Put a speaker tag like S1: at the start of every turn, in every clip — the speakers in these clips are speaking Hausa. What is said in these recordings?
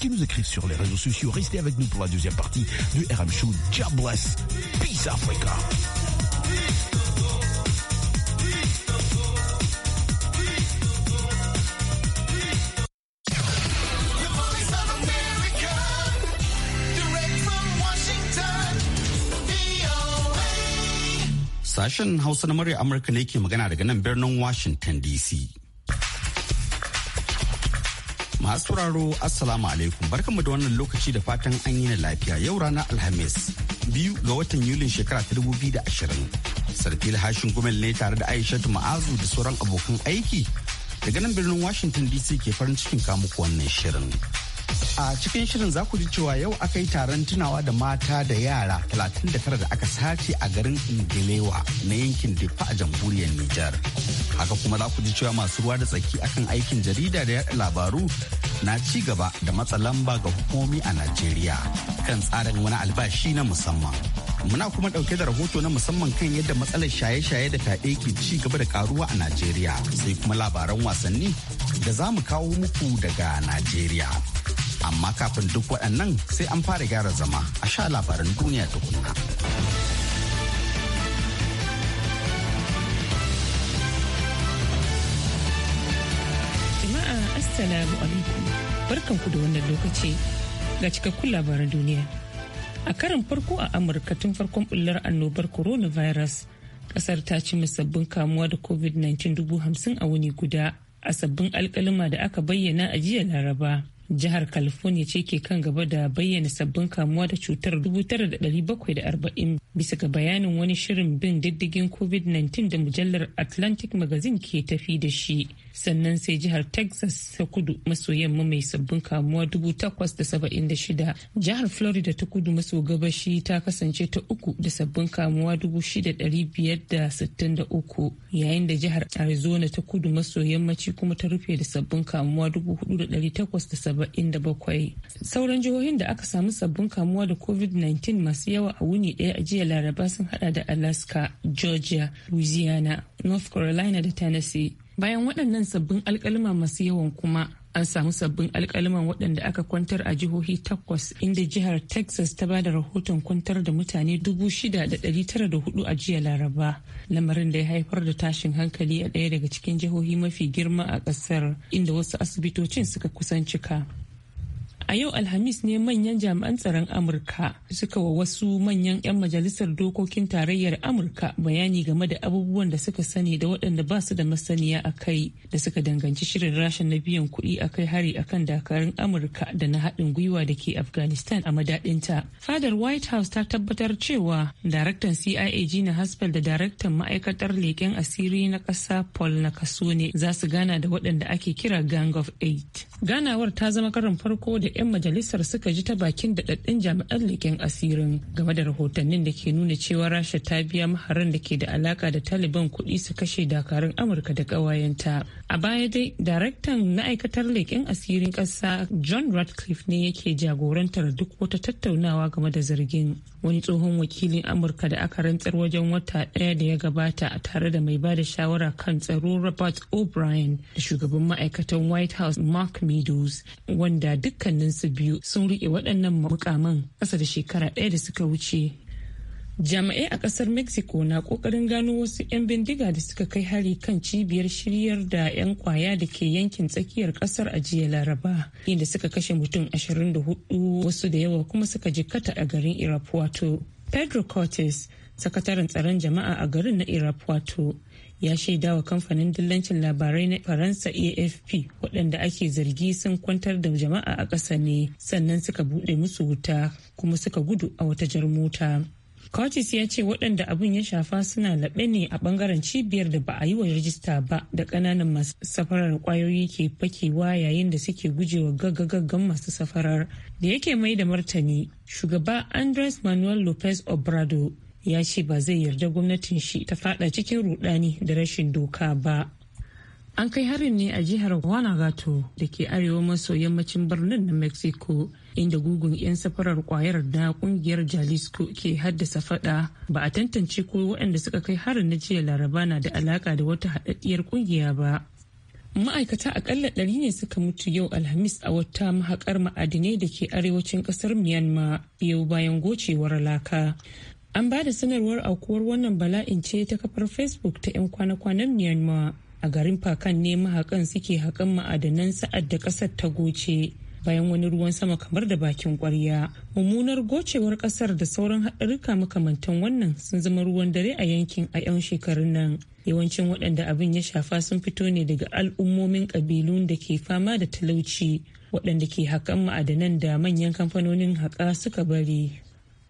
S1: qui nous écrivent sur les réseaux sociaux. Restez avec nous pour la deuxième partie du RM Show. God Peace Africa. Sashen Hausa na murya Amurka ne ke magana daga nan birnin Washington DC. Masu turaro Assalamu alaikum barkanmu da wannan lokaci da fatan an yi na lafiya yau ranar Alhamis biyu ga watan Yulin shekara ta dubu biyu da ashirin. Sarki hashin gumel ne tare da Aishatu Ma'azu da sauran abokan aiki daga nan birnin Washington DC ke farin cikin kamuku wannan shirin. A cikin shirin za ku ji cewa yau aka yi taron tunawa da mata da yara 39 da aka sace a garin Ingelewa na yankin Diffa a jamhuriyar Nijar. Haka kuma za ku ji cewa masu ruwa da tsaki akan aikin jarida da yaɗa labaru na ci gaba da matsa lamba ga hukumomi a Najeriya kan tsarin wani albashi na musamman. Muna kuma ɗauke da rahoto na musamman kan yadda matsalar shaye-shaye da fyaɗe ke ci gaba da karuwa a Najeriya sai kuma labaran wasanni da za mu kawo muku daga Najeriya. Amma kafin duk waɗannan sai an fara gyara zama a sha labaran duniya tukunna.
S2: Jama'a Assalamu alaikum barkanku da wannan lokaci ga cikakkun labaran duniya. A karin farko a Amurka tun farkon bullar annobar coronavirus. kasar ta ci sabbin kamuwa da covid-19 dubu hamsin a wuni guda a sabbin alkalima da aka bayyana a jiya laraba jihar california ce ke kan gaba da bayyana sabbin kamuwa da cutar bisa ga bayanin wani shirin bin diddigin covid-19 da mujallar atlantic magazine ke tafi da shi sannan sai jihar texas ta kudu maso yamma mai sabbin kamuwa 876 jihar florida ta kudu maso gabashi ta kasance ta uku da sabbin kamuwa 6,563 yayin da jihar arizona ta kudu maso yammaci kuma ta rufe da sabbin kamuwa 4,877 sauran jihohin da aka samu sabbin kamuwa da covid-19 masu yawa a wuni daya a jiya jiya laraba sun hada da alaska georgia louisiana north carolina da tennessee bayan waɗannan sabbin alkalima masu yawan kuma an samu sabbin alkaliman waɗanda aka kwantar a jihohi takwas inda jihar texas ta ba da rahoton kwantar da mutane 6,904 a jiya laraba lamarin da ya haifar da tashin hankali a ɗaya daga cikin jihohi mafi girma a ƙasar inda wasu asibitocin suka kusan cika A yau Alhamis ne manyan jami'an tsaron Amurka suka wa wasu manyan 'yan majalisar dokokin tarayyar Amurka bayani game da abubuwan da suka sani da waɗanda ba su da masaniya a kai da suka danganci shirin rashin na biyan kuɗi a kai hari a kan dakarun Amurka da na haɗin gwiwa da ke Afghanistan a madaɗinta. Fadar White House ta tabbatar cewa daraktan CIA Gina Haspel da daraktan ma'aikatar leƙen asiri na ƙasa Paul Nakasone za su gana da waɗanda ake kira Gang of Eight. Ganawar ta zama karin farko da 'yan majalisar suka ji ta bakin daɗaɗɗun jami'an leƙen asirin game da rahotannin da ke nuna cewa rasha ta biya maharan da ke da alaƙa da taliban kuɗi su kashe dakarun amurka da ƙawayenta a baya dai daraktan ma'aikatar leƙen asirin ƙasa john radcliffe ne yake jagorantar duk wata tattaunawa game da zargin wani tsohon wakilin amurka da aka rantsar wajen wata ɗaya da ya gabata a tare da mai bada shawara kan tsaro robert o'brien da shugaban ma'aikatan white house mark meadows wanda dukkaninsu biyu sun riƙe waɗannan mukaman ƙasa da shekara ɗaya da suka wuce jami'ai a kasar mexico na kokarin gano wasu 'yan bindiga da suka kai hari kan cibiyar shiryar da 'yan kwaya da ke yankin tsakiyar kasar a jiya laraba inda suka kashe mutum 24 wasu da yawa kuma suka kata a garin irapuato pedro cortes sakataren tsaron jama'a a garin na irapuato ya shaidawa kamfanin dillancin labarai na faransa afp waɗanda ake zargi sun kwantar da jama'a a ƙasa ne sannan suka buɗe musu wuta kuma suka gudu a wata jar mota Curtis ya ce waɗanda abin ya shafa suna laɓe ne a ɓangaren cibiyar da ba a yi wa rajista ba da ƙananan masu safarar ƙwayoyi ke fakewa yayin da suke gujewa gaggagaggan masu safarar. Da yake mai da martani, shugaba Andres Manuel Lopez Obrado ya ce ba zai yarda gwamnatin shi ta fada cikin rudani da rashin doka ba. An kai harin ne a jihar Guanajuato da ke arewa maso yammacin birnin na Mexico. inda gugun 'yan safarar kwayar na kungiyar jalisco ke haddasa fada ba a tantance ko waɗanda suka kai harin na jiya laraba na da alaka da wata haɗaɗɗiyar kungiya ba ma'aikata akalla ɗari ne suka mutu yau alhamis a wata mahaƙar ma'adinai da ke arewacin ƙasar myanmar yau bayan gocewar laka an ba da sanarwar aukuwar wannan bala'in ce ta kafar facebook ta 'yan kwana-kwanan myanmar a garin Pakan ne mahakan suke haƙan ma'adanan sa'ad da ƙasar ta goce bayan wani ruwan sama kamar da bakin kwarya mummunar gocewar kasar da sauran haɗarurruka makamantan wannan sun zama ruwan dare a yankin a 'yan shekarun nan yawancin waɗanda abin ya shafa sun fito ne daga al'ummomin ƙabilun da ke fama da talauci waɗanda ke haƙan ma'adanan da manyan kamfanonin haƙa suka bari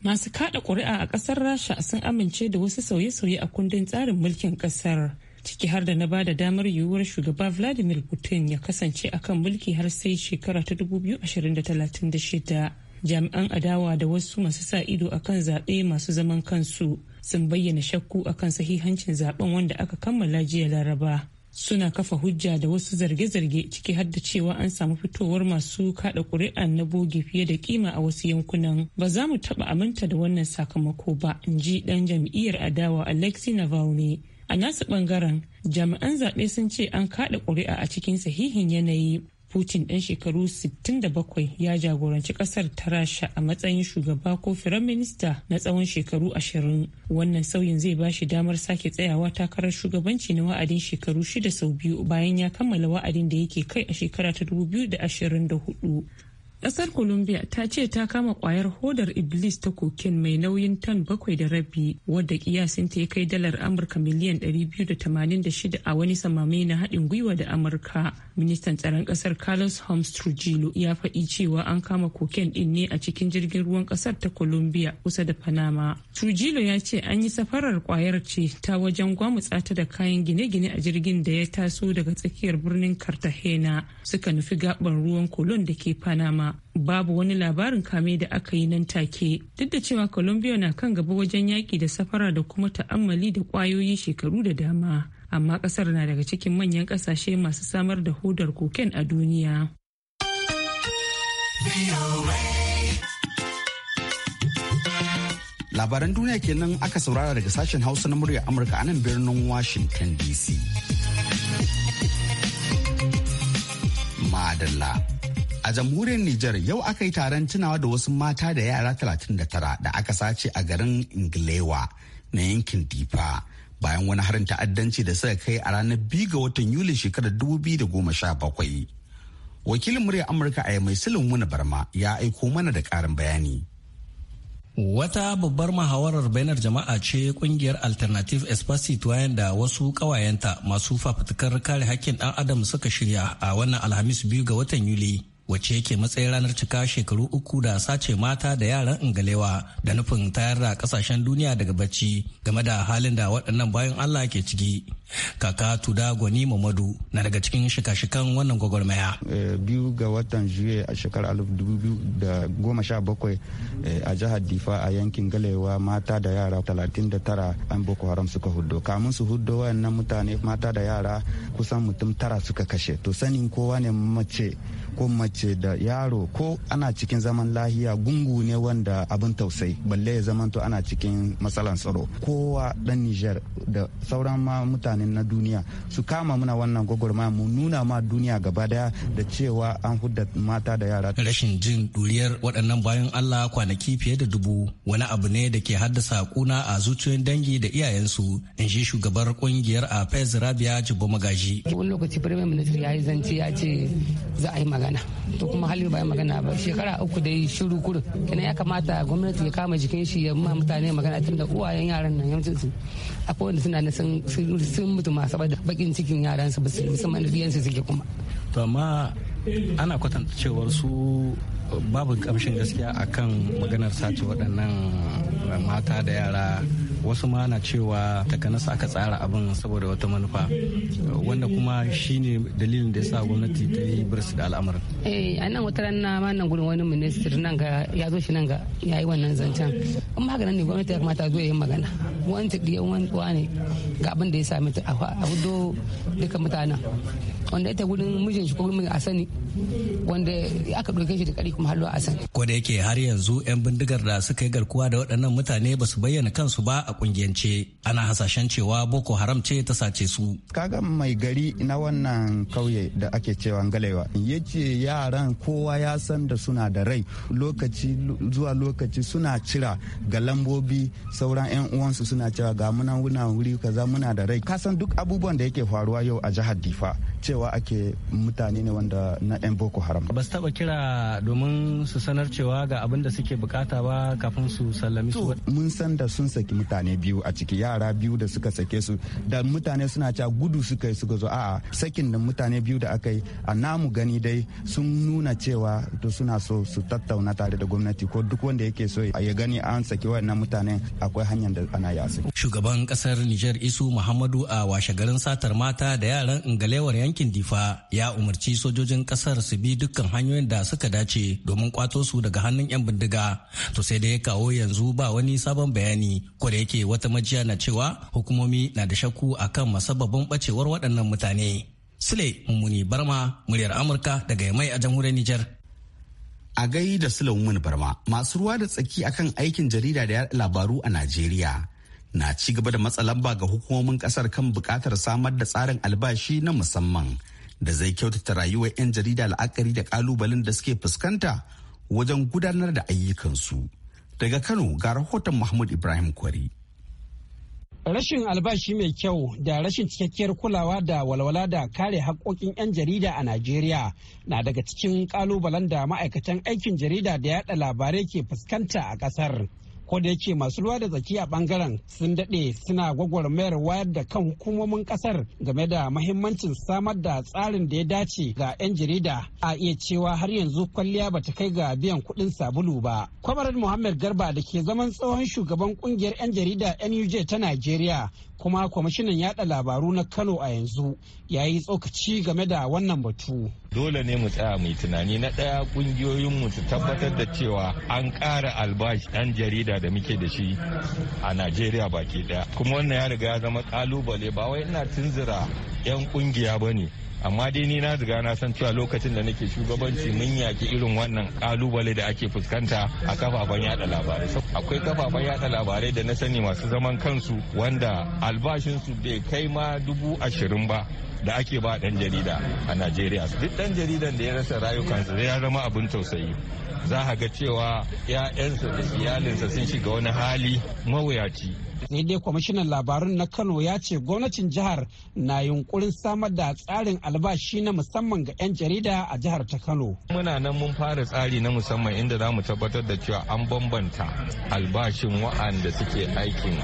S2: masu kaɗa ƙuri'a a ƙasar rasha sun amince da wasu sauye-sauye a kundin tsarin mulkin ƙasar ciki har da na ba da damar yiwuwar shugaba vladimir putin ya kasance a kan mulki har sai shekara ta 2036 jami'an adawa da wasu masu sa ido a kan zaɓe masu zaman kansu sun bayyana shakku akan sahihancin zaben wanda aka kammala jiya laraba suna kafa hujja da wasu zarge-zarge ciki har da cewa an samu fitowar masu kada kuri'a na boge fiye da kima a wasu yankunan ba za mu taba aminta da wannan sakamako ba in ji dan jam'iyyar adawa alexi navalny a nasu bangaren jami'an zaɓe sun ce an kaɗa ƙuri'a a cikin sahihin yanayi putin ɗan shekaru 67 ya jagoranci ƙasar ta rasha a matsayin shugaba ko firaminista na tsawon shekaru 20 wannan sauyin zai ba shi damar sake tsayawa takarar shugabanci na wa'adin shekaru shida sau biyu bayan ya kammala wa'adin da yake kai a shekara ta 2024 kasar Colombia ta ce ta kama kwayar hodar Iblis ta kokin mai nauyin tan bakwai da rabi wadda kiyasin ta ya kai dalar Amurka miliyan 286 a wani samami na haɗin gwiwa da Amurka. Ministan tsaron kasar Carlos Holmes Trujillo ya faɗi cewa an kama koken ɗin ne a cikin jirgin ruwan kasar ta Colombia kusa da Panama. Trujillo ya ce an yi safarar kwayar ce ta wajen gwamutsa ta da kayan gine-gine a jirgin da ya taso daga tsakiyar birnin Cartagena suka nufi gaɓar ruwan Colon da ke Panama. babu wani labarin kame da aka yi nan take duk da cewa colombia na kan gaba wajen yaƙi da safara da kuma ta'ammali da ƙwayoyi shekaru da dama amma ƙasar na daga cikin manyan ƙasashe masu samar da hodar koken a duniya labaran duniya kenan
S1: aka saurara daga sashen hausa na murya amurka a nan birnin washington dc madalla A jamhuriyar Nijar yau aka yi taron tunawa da wasu mata da yara 39 da aka sace a garin Ingilewa na yankin Difa bayan wani harin ta'addanci da suka kai a ranar 2 ga watan Yuli shekarar 2017. Wakilin muryar Amurka a mai Silin Wani Barma
S3: ya aiko mana da karin bayani. Wata babbar muhawarar bainar jama'a ce kungiyar Alternative wayan da wasu kawayenta masu fafutukar kare hakkin ɗan adam suka shirya a wannan Alhamis biyu ga watan Yuli. wacce yake matsayin ranar cika shekaru uku da sace mata da yaran ingalewa da nufin tayar da kasashen duniya daga bacci game da halin da waɗannan bayan Allah ke ciki. Kaka Tuda Gwani Mamadu na daga cikin shika-shikan wannan gwagwarmaya.
S4: Eh, biyu ga watan juye a shekarar alif eh, a jihar Difa a yankin Galewa mata da yara talatin an Boko Haram suka huddo. Kamun su hudo wayannan mutane mata da yara kusan mutum tara suka kashe. To sanin kowa ne mace ko mace da yaro ko ana cikin zaman lahiya gungu ne wanda abin tausayi balle ya to ana cikin matsalan tsaro kowa dan Nijar da sauran ma mutanen na duniya su kama muna wannan gwagwarmaya mu nuna ma duniya gaba daya da cewa an hudda mata da yara rashin jin
S3: duriyar waɗannan bayan Allah kwanaki fiye da dubu wani abu ne da ke haddasa kuna a zuciyoyin dangi da iyayensu in shi shugabar kungiyar a Fez Rabia Jibo Magaji
S5: wani lokaci firimin ministry ya yi zance ya ce za a yi magana magana to kuma hali bayan magana ba shekara uku da shiru kurin kina ya kamata gwamnati ya kama jikin shi ya ma mutane magana tun da uwayen yaran nan yawancin su akwai wanda suna sun sun mutu ma saboda bakin cikin yaran su musamman diyan su suke kuma
S3: to amma ana kwatanta cewar su babu kamshin gaskiya a kan maganar sace waɗannan eh, mata da yara wasu ma na cewa takanasu aka tsara abin saboda wata manufa wanda kuma shine dalilin da ya sa gwamnati ta yi birsu da al'amarin.
S5: eh a nan wata rana ma nan gudun wani ministry nan ga ya zo shi nan ga ya yi wannan zancen in haka nan ne gwamnati ya kamata zo ya yi magana wani ta ɗiya wani tuwa ne ga abin da ya sami ta a hudu duka mutanen wanda ita gudun mijin shi ko mijin a sani wanda aka ɗauke shi da ƙari Koda Hassan.
S3: Ko da yake har yanzu 'yan bindigar da suka yi garkuwa da waɗannan mutane ba su bayyana kansu ba a kungiyance. Ana hasashen cewa Boko Haram ce ta sace su.
S4: Kaga mai gari na wannan kauye da ake cewa Ngalewa ya ce yaran kowa ya san da suna da rai lokaci zuwa lokaci suna cira ga lambobi sauran 'yan uwansu suna cewa ga muna wuna wuri kaza muna da rai kasan duk abubuwan da yake faruwa yau a jihar Difa cewa ake mutane ne wanda na 'yan Boko Haram. Ba
S3: su taba kira domin domin su
S4: sanar cewa ga abin da suke bukata ba kafin su sallami su mun san da sun saki mutane biyu a ciki yara biyu da suka sake su da mutane suna cewa gudu suka yi suka zo a'a sakin da mutane biyu da aka yi a namu gani dai sun nuna cewa to suna so su tattauna tare da gwamnati ko duk wanda yake so ya gani an saki wannan mutane akwai hanyar da ana yasa
S3: shugaban kasar Nijar Isu Muhammadu a washe garin satar mata da yaran ingalewar yankin Difa ya umarci sojojin kasar su bi dukkan hanyoyin da suka dace domin kwato su daga hannun 'yan bindiga to sai da ya kawo yanzu ba wani sabon bayani ko da yake wata majiya na cewa hukumomi na da shakku akan masababin bacewar waɗannan mutane sule mummuni barma muryar amurka daga mai a jamhuriyar nijar a
S1: gai da sule mummuni barma masu ruwa da tsaki akan aikin jarida da yaɗa labaru a najeriya na ci gaba da matsa lamba ga hukumomin kasar kan bukatar samar da tsarin albashi na musamman da zai kyautata rayuwar 'yan jarida la'akari da kalubalen da suke fuskanta wajen gudanar da ayyukansu. Daga Kano ga rahoton Mahmud Ibrahim Kwari.
S6: Rashin albashi mai kyau da rashin cikakkiyar kulawa da walwala da kare haƙoƙin 'yan jarida a Najeriya na daga cikin ƙalubalen da ma'aikatan aikin jarida da yaɗa labarai ke fuskanta a ƙasar. ko da yake masu ruwa da tsaki a bangaren sun daɗe suna gwagwarmayar wayar da kan hukumomin ƙasar game da mahimmancin samar da tsarin da ya dace ga 'yan jarida a iya cewa har yanzu kwalliya bata kai ga biyan kuɗin sabulu ba kwamarar muhammad garba da ke zaman tsohon shugaban ƙungiyar 'yan jarida nuj ta najeriya kuma kwamishinan yada labaru na kano a yanzu ya yi tsokaci game da wannan batu
S7: dole ne mu tsaya mu tunani na ɗaya ƙungiyoyinmu su tabbatar da cewa an ƙara albashi ɗan jarida da muke da shi a najeriya baki ɗaya kuma wannan ya riga ya zama ƙalubale ba wai ina tunzura 'yan ƙungiya ba ne amma dai ni na riga na san cewa lokacin da nake shugabanci mun yaki irin wannan kalubale da ake fuskanta a kafafen yada labarai akwai kafafen yada labarai da na sani masu zaman kansu wanda albashinsu bai kai ma dubu ashirin ba da ake ba dan jarida a najeriya duk dan jaridan da ya rasa rayukansa ya zama abin tausayi za a ga cewa 'ya'yansa da iyalinsa sun shiga wani hali mawuyaci sai
S6: dai kwamishinan labarun na kano ya ce gwamnatin jihar na yunkurin samar da tsarin albashi na musamman ga 'yan jarida a jihar ta kano
S7: muna nan mun fara tsari na musamman inda za mu tabbatar da cewa an bambanta albashin wa'anda suke aikin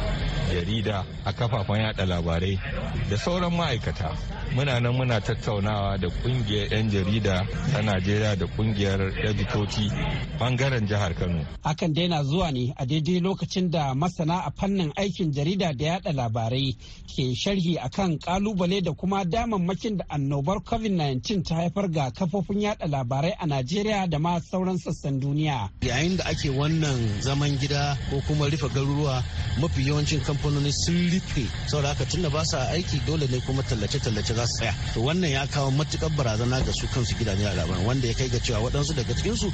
S7: jarida a kafafen yada labarai da sauran ma'aikata muna nan muna tattaunawa da kungiyar 'yan jarida ta najeriya da kungiyar editoci bangaren jihar kano
S6: hakan dai na zuwa ne a daidai lokacin da masana a fannin aikin jarida da yada labarai ke sharhi akan kalubale da kuma damammakin da annobar covid-19 ta haifar ga kafofin yada labarai a najeriya da ma sauran sassan duniya
S3: yayin da ake wannan zaman gida ko kuma rufe garuruwa mafi yawancin kamfanoni sun rufe saboda haka tunda ba sa aiki dole ne kuma tallace-tallace za su tsaya to wannan ya kawo matukar barazana ga su kansu gidajen labarai wanda ya kai ga cewa waɗansu daga cikinsu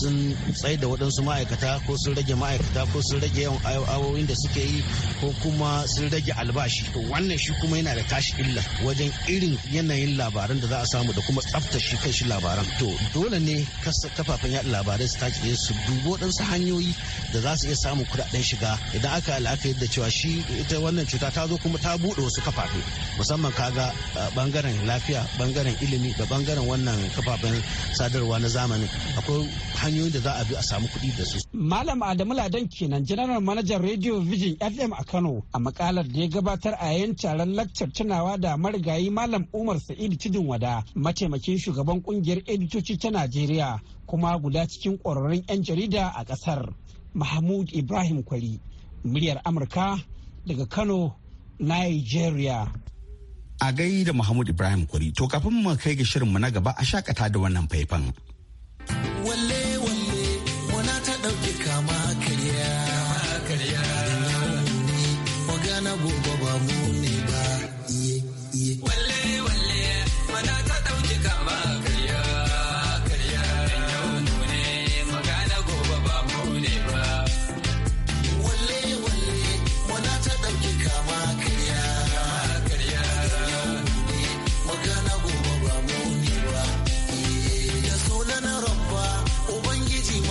S3: sun tsaye da waɗansu ma'aikata ko sun rage ma'aikata ko sun rage yawan awoyin da suke yi ko kuma sun rage albashi to wannan shi kuma yana da tashi illa wajen irin yanayin labaran da za a samu da kuma shi kan shi labaran to dole ne kafafen yaɗa labarai su tashi su dubo ɗansu hanyoyi da za su iya samun kuɗaɗen shiga idan aka la'akari da cewa shi ita wannan cuta ta zo kuma ta buɗe wasu kafafe musamman kaga bangaren lafiya bangaren ilimi da bangaren wannan kafafen sadarwa na zamani akwai hanyoyin da za a bi a samu kuɗi da su.
S6: Malam Adamu Ladan kenan janar manajan Radio Vision FM FM a Kano a makalar da ya gabatar a yayin taron lakcar tunawa da marigayi Malam Umar Sa'id Cidin Wada mataimakin shugaban kungiyar editoci ta Najeriya kuma guda cikin kwararrun 'yan jarida a ƙasar. Mahmud Ibrahim Kwari, muryar Amurka daga Kano, Nigeria.
S1: A gai da Mahmud Ibrahim Kwari, to kafin mu kai ga shirinmu na gaba a shakata da wannan faifan.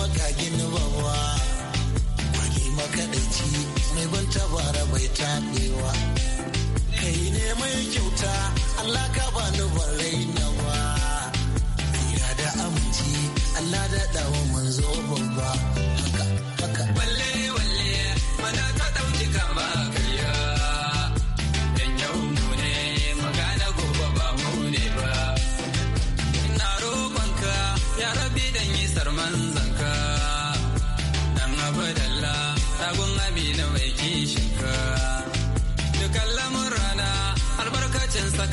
S8: makagin bawa kwali makaɗaici mai ban tabara bai taɓewa kai ne mai kyauta Allah ka bani ban ba ira da aminci Allah da dawo zo
S9: babba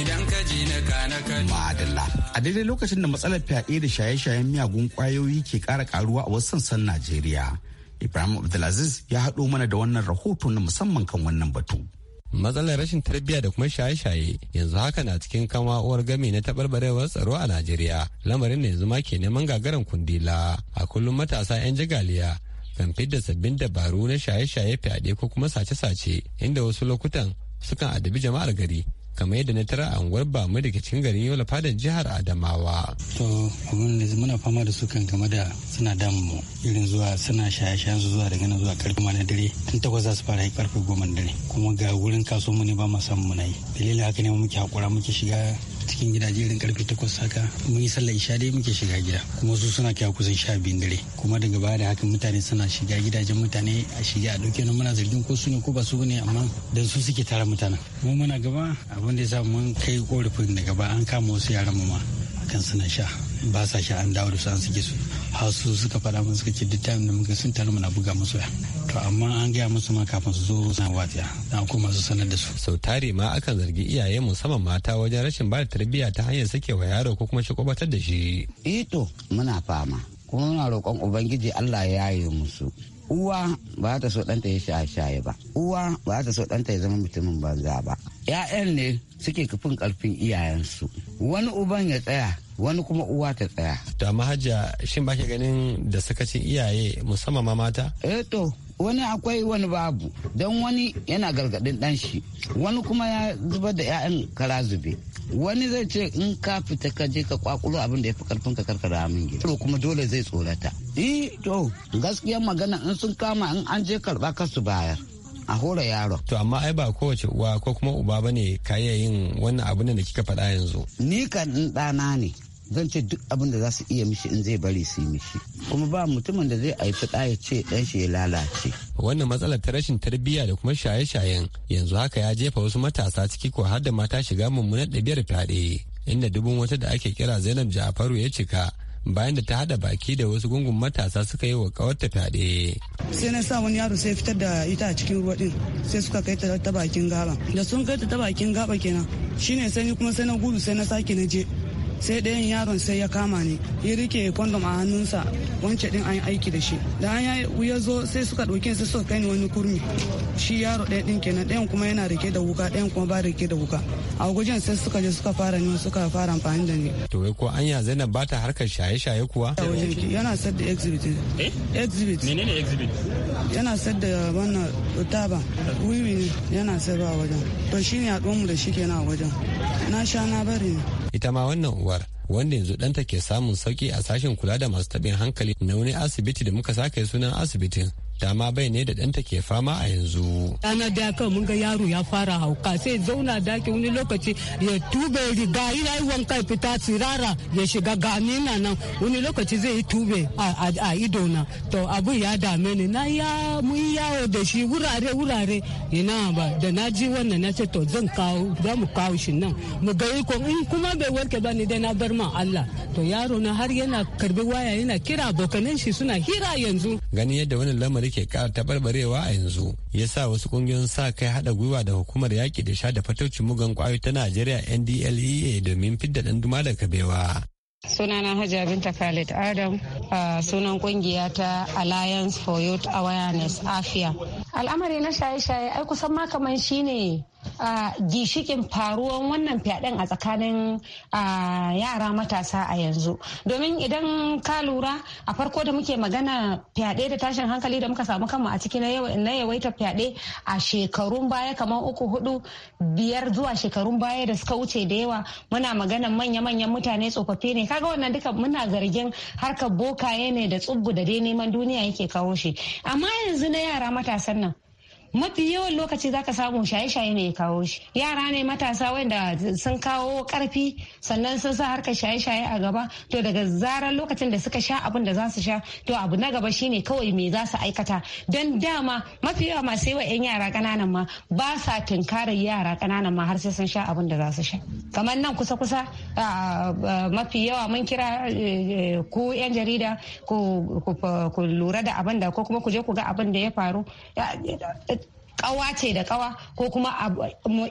S9: idan ka ji na kana ka ma'adalla
S1: a daidai lokacin da matsalar fyaɗe da shaye-shayen miyagun kwayoyi ke ƙara karuwa a wasu sassan Najeriya Ibrahim
S9: Abdulaziz ya haɗo mana da wannan rahoto na musamman kan wannan batu matsalar rashin tarbiyya da kuma shaye-shaye yanzu haka na cikin kama uwar gami na tabarbarewar tsaro a Najeriya lamarin da yanzu ma ke neman gagarin kundila a kullum matasa 'yan jigaliya kan fidda sabbin dabaru na shaye-shaye fyaɗe ko kuma sace-sace inda wasu lokutan sukan adabi jama'ar gari kamar yadda na tara a unguwar bamu da cikin garin yola fadar jihar adamawa. to
S3: muna fama da su kan game da suna damu mu irin zuwa suna shaye shayen su zuwa daga nan zuwa karfe ma na dare tun takwas za su fara yi karfe goma na dare kuma ga wurin kaso mu ne ba mu samu na yi dalilin haka ne muke hakura muke shiga cikin gidaje irin karfe takwas haka mun yi sallar isha dai muke shiga gida kuma su suna kya kusan sha biyun dare kuma daga baya da haka mutane suna shiga gidajen mutane a shiga a ɗauke nan muna zargin ko su ne ko ba su ne amma dan su suke tara mutanen mu muna gaba abin da ya sa mun kai korafin daga baya an kama wasu yaran mu ma akan suna sha ba sa sha'an an dawo da su an suke su hasu suka faɗa mun suka ce duk da muka sun tare muna buga
S9: musu ya to amma an gaya musu ma kafin su zo na watiya na kuma su sanar da su sau tare ma akan zargi iyaye musamman mata wajen rashin ba da tarbiyya ta hanyar wa yaro ko kuma shi kwabatar da shi
S8: eh to muna fama kuma muna roƙon ubangiji Allah ya yaye musu uwa ba ta so ɗanta ya sha shaye ba uwa ba ta so ɗanta ya zama mutumin banza ba 'ya'yan ne suke kafin ƙarfin iyayensu wani uban ya tsaya wani kuma uwa ta tsaya.
S9: To amma shin ba ganin da sakacin iyaye musamman ma mata?
S8: Eh to wani akwai wani babu don wani yana gargadin dan shi wani kuma ya zubar da 'ya'yan kara zube wani zai ce in ka fita ka je ka kwakulo abin da ya fi karfin ka karkara min gida to kuma dole zai tsorata eh to gaskiyar magana in sun kama in an je karba kasu bayar a hora yaro
S9: To amma ai ba kowace uwa ko kuma uba bane kayayin ka yin wannan abin da kika faɗa yanzu.
S8: Ni kan ɗana ne zan ce duk abin da za su iya mishi in zai bari su yi mishi kuma ba mutumin da zai haifi da ya ce dan shi ya lalace.
S9: wannan matsalar ta rashin tarbiyya da kuma shaye-shayen yanzu haka ya jefa wasu matasa ciki ko har da mata shiga mummunar ɗabi'ar fyaɗe inda dubun wata da ake kira zainab ja'faru ya cika bayan da ta hada baki da wasu gungun matasa suka yi wa kawarta fyaɗe.
S2: sai na sa wani yaro sai fitar da ita a cikin ruwa din sai suka kai ta ta bakin gaba da sun kai ta ta bakin gaba kenan shine sai kuma sai na gudu sai na sake na je sai ɗayan yaron sai ya kama ni ya rike kwandom a hannunsa wance ɗin an yi aiki da shi da an ya zo sai suka ɗauke sai suka kai ni wani kurmi shi yaro ɗaya ɗin kenan ɗayan kuma yana rike da wuka ɗayan kuma ba rike da wuka a gujen sai suka je suka fara ni suka fara amfani da ni.
S8: to wai
S9: ko anya zainab ba ta harkar shaye-shaye kuwa.
S2: yana sad da exhibit. Eh? exhibit.
S4: menene exhibit.
S2: yana sad da wannan taba wiwi yana sayarwa wajen to shine a
S8: ɗonmu da shi kenan a wajen na sha na bari ne.
S9: ita ma wannan uwar wanda yanzu ɗanta ke samun sauki a sashen kula da masu taɓin hankali na wani asibiti da muka sake sunan asibitin dama bai ne da danta ke fama a yanzu.
S2: Rana da kan mun ga yaro ya fara hauka sai zauna daki wani lokaci ya tube riga ina yi wanka fita tsirara ya shiga gani na nan wani lokaci zai yi tube a ido na to abu ya dame ni na ya mun yawo da shi wurare wurare ina ba da na ji wannan na ce to zan kawo za mu kawo shi nan mu ga ko in kuma bai warke ba ni dai na bar ma Allah to yaro na har yana karbi waya yana kira abokanan shi suna hira yanzu.
S9: Gani yadda wani lamarin kamar ke kara tabarbarewa a yanzu ya sa wasu kungiyoyin sa kai hada gwiwa da hukumar yaki da sha da fataucin mugan kwayoyi ta najeriya ndlea domin fidda dan duma da kabewa
S5: Sunana Hajiya Binta Khalid Adam, a sunan kungiya ta Alliance for Youth Awareness Afia. Al'amari na shaye-shaye ai kusan ma kaman shine a gishikin faruwan wannan fyaɗen a tsakanin yara matasa a yanzu. Domin idan ka lura a farko da muke magana fyaɗe da tashin hankali da muka samu kanmu a ciki na yawaita fyaɗe a shekarun baya kamar uku hudu biyar zuwa shekarun baya da suka wuce da yawa muna maganan manya-manyan mutane tsofaffi ne kaga wannan duka muna zargin harkar bokaye ne da tsubbu da dai neman duniya yake kawo shi amma yanzu na yara matasan nan mafi yawan lokaci zaka samu shaye-shaye ne kawo shi yara ne matasa wanda sun kawo karfi sannan sun sa harkar shaye-shaye a gaba to daga zarar lokacin da suka sha abin da za su sha to abu na gaba shine kawai me za su aikata don dama mafi yawa masu yawa 'yan yara kananan ma ba sa tunkarar yara kananan ma har sai sun sha abin da za su sha kamar nan kusa-kusa mafi yawa mun kira eh, eh, ku 'yan jarida ku lura da abin da ko kuma ku je ku ga abin da ya faru kawa ce da kawa ko kuma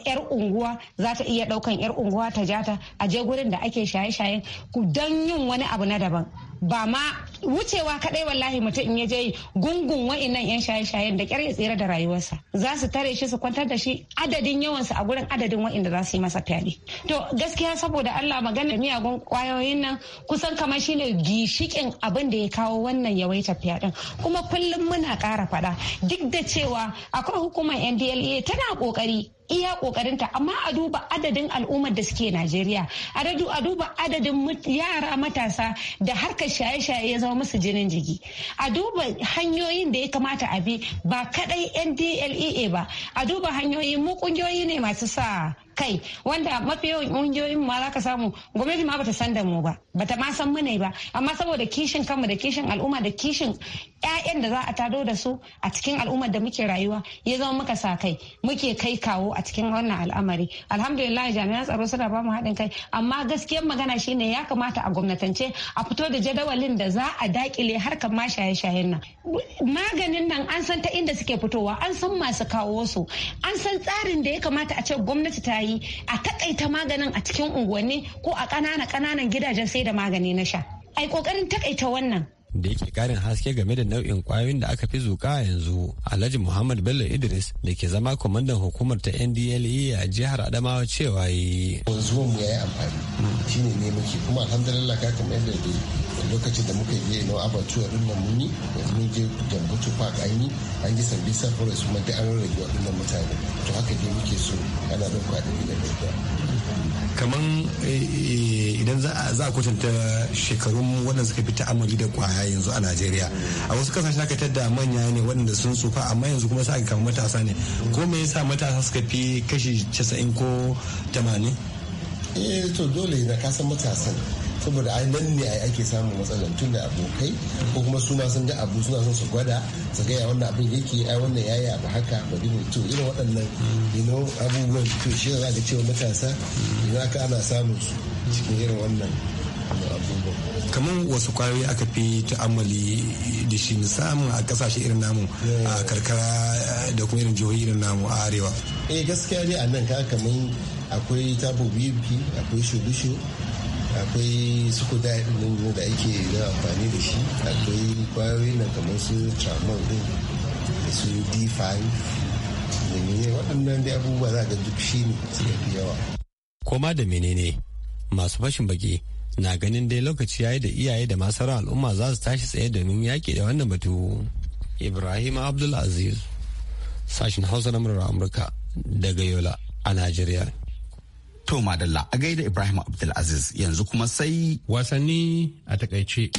S5: yar unguwa za ta iya daukan yar unguwa ta jata a je gurin da ake shaye-shayen ku don yin wani abu na daban ba ma wucewa kadai wallahi mutum in ya je gungun wa'innan yan shaye-shayen da kyar ya da rayuwarsa za su tare shi su kwantar da shi adadin yawansa a gurin adadin wa'inda za su yi masa fyaɗe to gaskiya saboda Allah magana miyagun kwayoyin nan kusan kamar shine gishikin abin da ya kawo wannan yawaitar fyaɗen kuma kullum muna ƙara faɗa duk da cewa akwai hukumar NDLA tana ƙoƙari iya kokarinta amma a duba adadin al'ummar da suke Najeriya a duba adadin yara matasa da harkar shaye-shaye ya zama musu jinin jiki a duba hanyoyin da ya kamata a bi ba kadai NDLEA ba a duba hanyoyin mu kungiyoyi ne masu sa kai wanda mafi yawan ƙungiyoyin ma za ka samu gwamnati ma bata san da mu ba bata ma san mune ba amma saboda kishin kanmu da kishin al'umma da kishin ƴaƴan da za a tado da su a cikin al'ummar da muke rayuwa ya zama muka sa kai muke kai kawo a cikin wannan al'amari alhamdulillah jami'an tsaro suna ba mu haɗin kai amma gaskiyar magana shine ya kamata a gwamnatance a fito da jadawalin da za a dakile harkar ma shaye-shayen nan maganin nan an san ta inda suke fitowa an san masu kawo su an san tsarin da ya kamata a ce gwamnati ta yi a takaita maganin a cikin unguwanni ko a ƙanana ƙananan gidajen sai da magani na sha ai kokarin takaita wannan
S9: da yake karin haske game da nau'in kwayoyin da aka fi zuka yanzu alhaji muhammad bello idris da ke zama kwamandan hukumar ta ndle a jihar adamawa cewa yi mu ya yi amfani shine ne muke kuma alhamdulillah ka kamar yadda lokacin da muka yi na abatuwa din nan muni mun je jambutu park an yi an yi sambisa su ma duk an rage waɗannan mutane to haka dai muke so ana da kwaɗi da gaskiya kaman eh, eh, idan za a kwatanta shekarun waɗanda suka fi ta'amali da kwaya yanzu a najeriya a wasu kasashen aka tadda manya ne waɗanda sun tsufa amma yanzu kuma sa kama matasa ne ko me yasa matasa suka fi kashi casa'in ko 80 eh to dole na kasan matasan saboda ai nan ne ai ake samun matsalar tun da abokai ko kuma su ma sun ga abu suna son su gwada su ga ya wannan abin yake ai wannan yayi abu haka bari mu to irin waɗannan you know abubuwan to shi za ka cewa matasa idan aka ana samun su cikin irin wannan kamar wasu kwayoyi aka fi ta'ammali da shi musamman a kasashe irin namu a karkara eh, da kuma irin jihohi irin namu a arewa eh gaskiya ne a nan ka kamar akwai tabo biyu akwai shubishu akwai su kuda nan
S8: da ake da amfani da shi akwai kwayoyi na kamar su tramon din da su d5 da mene waɗannan da abubuwa za ga duk shi ne suka
S9: fi yawa koma da menene masu fashin baki na ganin dai lokaci yayi da iyaye da masu al'umma za su tashi tsaye domin yaƙi da wannan batu ibrahim abdulaziz sashin hausa na murar amurka daga yola a najeriya To Madalla a gaida Ibrahim Abdulaziz yanzu kuma sai wasanni a takaice.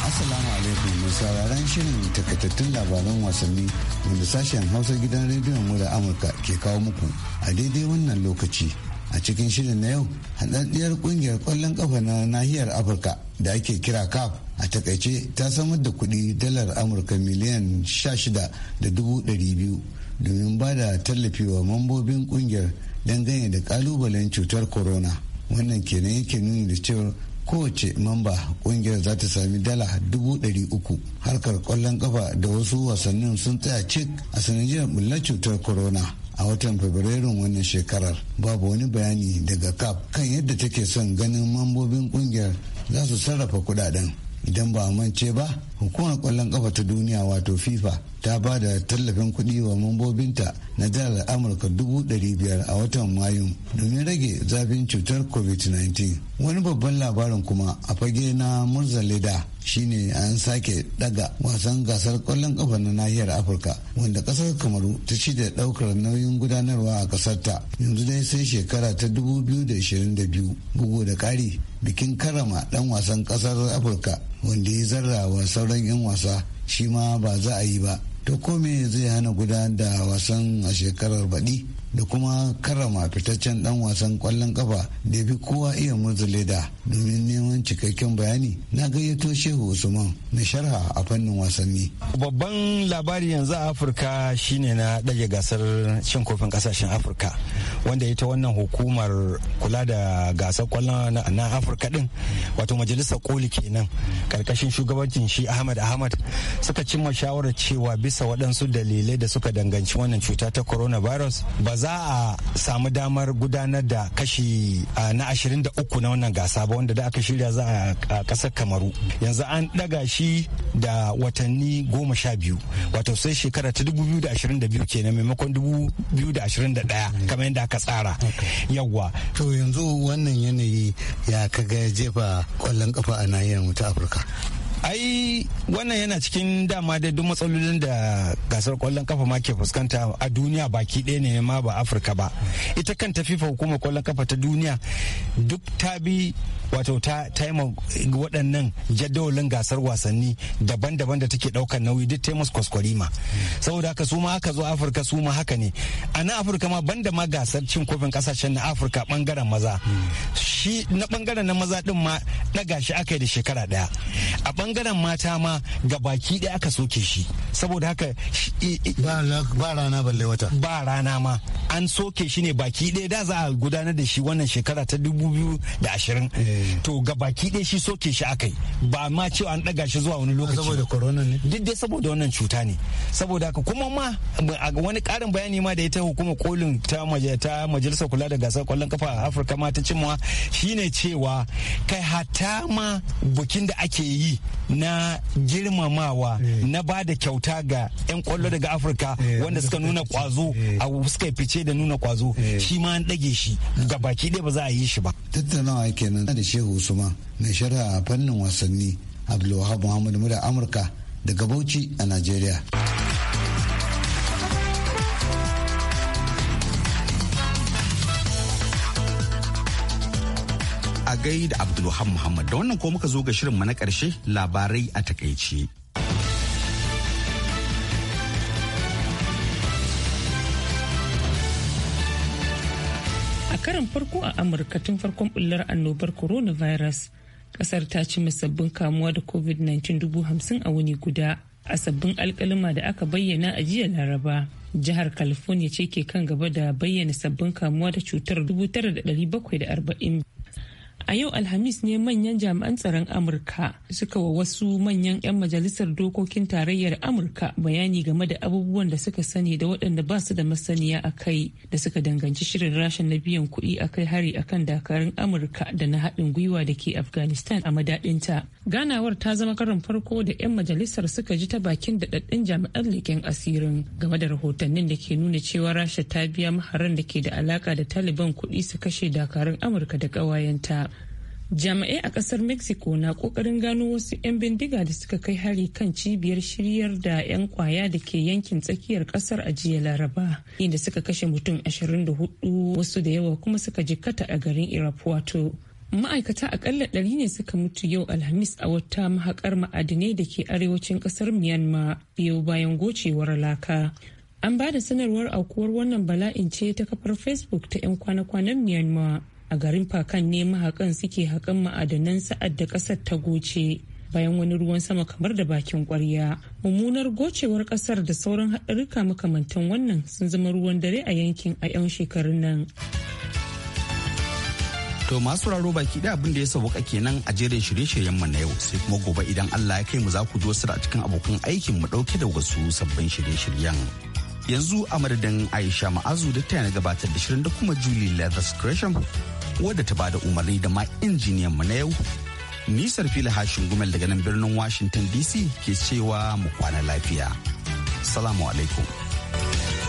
S8: Assalamu alaikum mai sauraron shirin takaitattun labaran wasanni wanda sashen Hausa gidan rediyon mu da Amurka ke kawo muku a daidai wannan lokaci. A cikin shirin na yau, haɗaɗɗiyar ƙungiyar ƙwallon ƙafa na nahiyar Afirka da ake kira CAF a takaice ta samar da kuɗi dalar Amurka miliyan 16 da dubu biyu domin ba da tallafi wa mambobin kungiyar dangane da kalubalen cutar corona wannan kenan yake nuni da cewa kowace mamba kungiyar za ta sami dala dubu ɗari uku harkar kwallon kafa da wasu wasannin sun tsaya cik a sanadiyar bullar cutar corona a watan fabrairun wannan shekarar babu wani bayani daga cap kan yadda take son ganin mambobin kungiyar za su sarrafa kudaden idan ba a mance ba hukumar kwallon kafa ta duniya wato fifa ta ba da tallafin kuɗi wa mambobinta na jihar amurka dubu ɗari biyar a watan mayu domin rage zafin cutar covid-19 wani babban labarin kuma a fage na murzaleda shine an sake daga wasan gasar kwallon kafa na nahiyar afirka wanda kasar kamaru ta ci da daukar nauyin gudanarwa a kasarta yanzu dai sai shekara ta 2022 bugu da kari bikin karama dan wasan kasar afirka wanda ya zarra wa sauran 'yan wasa shi ma ba za a yi ba to kome zai hana gudanar da wasan a shekarar baɗi da kuma karrama fitaccen dan wasan kwallon kafa da fi kowa iya da domin neman cikakken bayani na gayyato shehu usman na sharha a fannin wasanni
S10: babban labari yanzu a afirka shine na ɗage gasar cin kofin kasashen afirka wanda ita wannan hukumar kula da gasar kwallon na afirka din wato majalisar koli kenan karkashin shugabancin shi ahmad ahmad suka cimma shawarar cewa bisa waɗansu dalilai da suka danganci wannan cuta ta coronavirus ba za za a samu damar gudanar da kashi na 23 na wannan gasa ba wanda da aka shirya za a kasar kamaru yanzu an daga shi da watanni goma sha biyu wato sai shekara ta 2022 kenan maimakon
S8: 2021 kamar yadda aka tsara yawwa to yanzu wannan yanayi ya kaga jefa kwallon kafa a nahiyar mu ta afirka
S10: ai wannan yana cikin dama da duk matsalolin da gasar kwallon kafa ma ke fuskanta a duniya baki ɗaya ne ma ba afirka ba ita kan ta fifa hukumar kwallon kafa ta duniya duk ta bi wato ta taima waɗannan jadawalin gasar wasanni daban-daban da take ɗaukar nauyi duk ta kwaskwari ma saboda haka su ma haka zo afirka su ma haka ne a na afirka ma banda ma gasar cin kofin kasashen na afirka bangaren maza shi na bangaren na maza din ma ɗaga shi aka yi da shekara ɗaya a bangaren mata ma ga baki ɗaya aka soke shi saboda haka ba rana balle wata ba rana ma an soke shi ne baki ɗaya da za a gudanar da shi wannan shekara ta dubu biyu da ashirin eh. to ga baki ɗaya shi soke shi akai ba ma cewa an ɗaga shi zuwa wani lokaci saboda corona ne duk dai saboda wannan cuta ne saboda haka kuma ma wani ƙarin bayani ma da ita hukumar kolin ta majalisar kula da gasar kwallon kafa a afirka ma ta cimma shine cewa kai hatta ma bukin da ake yi na girmamawa eh. na ba da kyauta ga 'yan kwallo daga afirka eh, wanda suka nuna kwazo
S8: eh. a suka fice da nuna kwazo shi ma an dage shi ga baki ɗaya ba za a yi shi ba tattaunawa kenan da shehu usman mai shari'a a fannin wasanni abdulwahab muhammad muda amurka daga bauchi a najeriya
S1: gai da Abdulham Muhammad da wannan ko muka zo ga shirinmu na ƙarshe labarai a takaici.
S2: A karin farko a Amurka tun farkon bullar annobar coronavirus, kasar ta ci sabbin kamuwa da COVID-19 dubu hamsin a wuni guda a sabbin alkalima da aka bayyana a jiya Laraba. Jihar California ce ke kan gaba da bayyana sabbin kamuwa da cutar 9,740 A yau Alhamis ne manyan jami'an tsaron Amurka suka wa wasu manyan 'yan majalisar dokokin tarayyar Amurka bayani game da abubuwan da suka sani da waɗanda ba su da masaniya a kai da suka danganci shirin rashin na biyan kuɗi a kai hari a kan dakarun Amurka da na haɗin gwiwa da ke Afghanistan a madaɗinta. Ganawar ta zama karin farko da 'yan majalisar suka ji ta bakin daɗaɗɗun jami'an leƙen asirin game da rahotannin da ke nuna cewa Rasha ta biya maharan da ke da alaƙa da Taliban kuɗi su kashe dakarun Amurka da ƙawayenta. jami'ai a kasar mexico na kokarin gano wasu 'yan bindiga da suka kai hari kan cibiyar shiryar da 'yan kwaya da ke yankin tsakiyar kasar a jiya laraba inda suka kashe mutum 24 wasu da yawa kuma suka jikata a garin irapuato ma'aikata akalla ɗari ne suka mutu yau alhamis a wata mahakar ma'adinai da ke arewacin kasar myanmar yau bayan gocewar laka an ba da sanarwar aukuwar wannan bala'in ce ta kafar facebook ta 'yan kwana-kwanan myanmar a garin fakan ne mahakan suke haƙan ma'adanan sa'ad da ƙasar ta goce bayan wani ruwan sama kamar da bakin kwarya mummunar gocewar ƙasar da sauran haɗarurruka makamantan wannan sun zama ruwan dare a yankin a 'yan shekarun nan
S1: To masu raro baki da abin da ya sauka kenan a jerin shirye-shiryen mu na yau sai kuma gobe idan Allah ya kai mu za ku ji wasu a cikin abokan aikin mu dauke da wasu sabbin shirye-shiryen. Yanzu a madadin Aisha Ma'azu da ta gabatar da shirin da kuma Julie Leathers Gresham wadda ta bada umarni da ma injiniyan mu na yau nisar fili hashin gumel daga nan birnin washington dc ke cewa mu kwana lafiya salamu alaikum